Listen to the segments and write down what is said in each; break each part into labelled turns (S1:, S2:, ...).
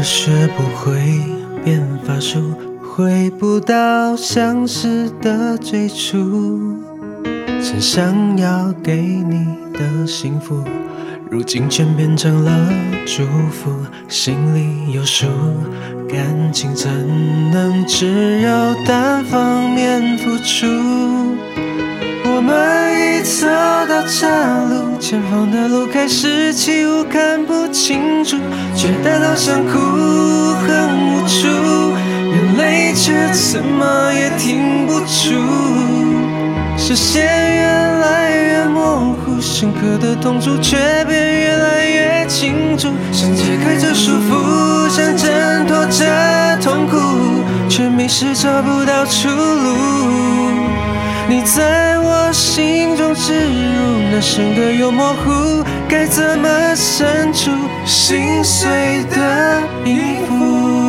S1: 我學不會變法術，回不到相識的最初。曾想要給你的幸福，如今卻變成了祝福。心裡有數，感情怎能只有單方面付出？我們已走到這。前方的路開始起霧，看不清楚，覺得好想哭，很無助，眼淚卻怎麼也停不住。視線越來越模糊，深刻的痛楚卻變越來越清楚。想解開這束縛，想掙脫這痛苦，卻迷失找不到出路。你在我心中植入那深刻又模糊，該怎麼刪除心碎的音符？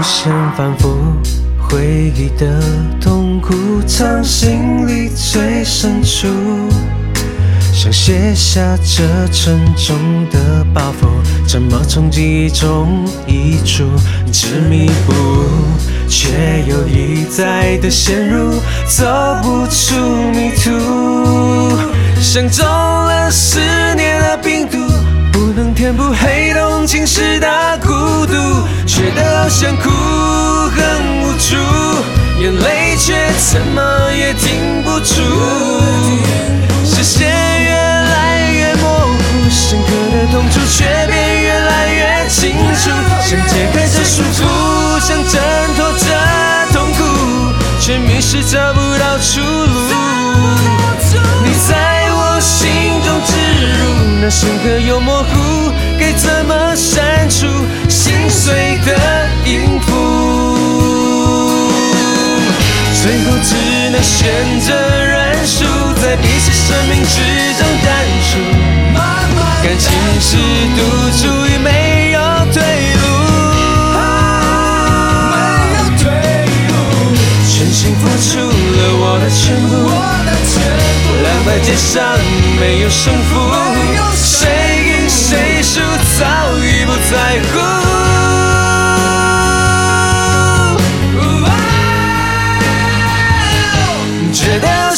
S1: 無限反覆，回憶的痛苦藏心裡最深處，想卸下這沉重的包袱，怎麼從記憶中移除，執迷不悟，卻又一再的陷入，走不出迷途。想。走。都想哭很無助，眼淚卻怎麼也停不住。視線越來越模糊，深刻的痛楚卻變越來越清楚。想解開這束縛，想掙脫這痛苦，卻迷失找不到出路。你在我心中植入，那深刻又模糊，該怎麼？心碎的音符，最後只能選擇認輸，在彼此生命之中淡出。感情是賭注，已沒有退路。全心付出了我的全部，兩敗皆傷，沒有勝負，誰贏誰輸早已不在乎。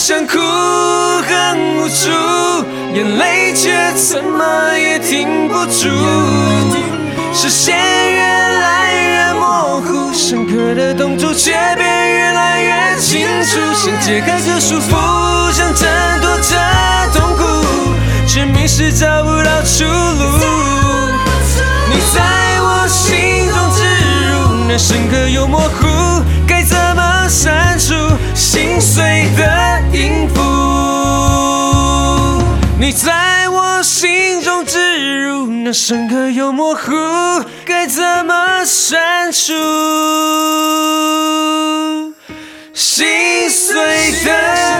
S1: 想哭，很無助，眼淚卻怎麼也停不住。視線越來越模糊，深刻的痛楚卻變越來越清楚。想解開這束縛，想掙脫這痛苦，卻迷失找不到出路。你在我心中植入，那深刻又模糊。深刻又模糊，該怎麼刪除心碎的？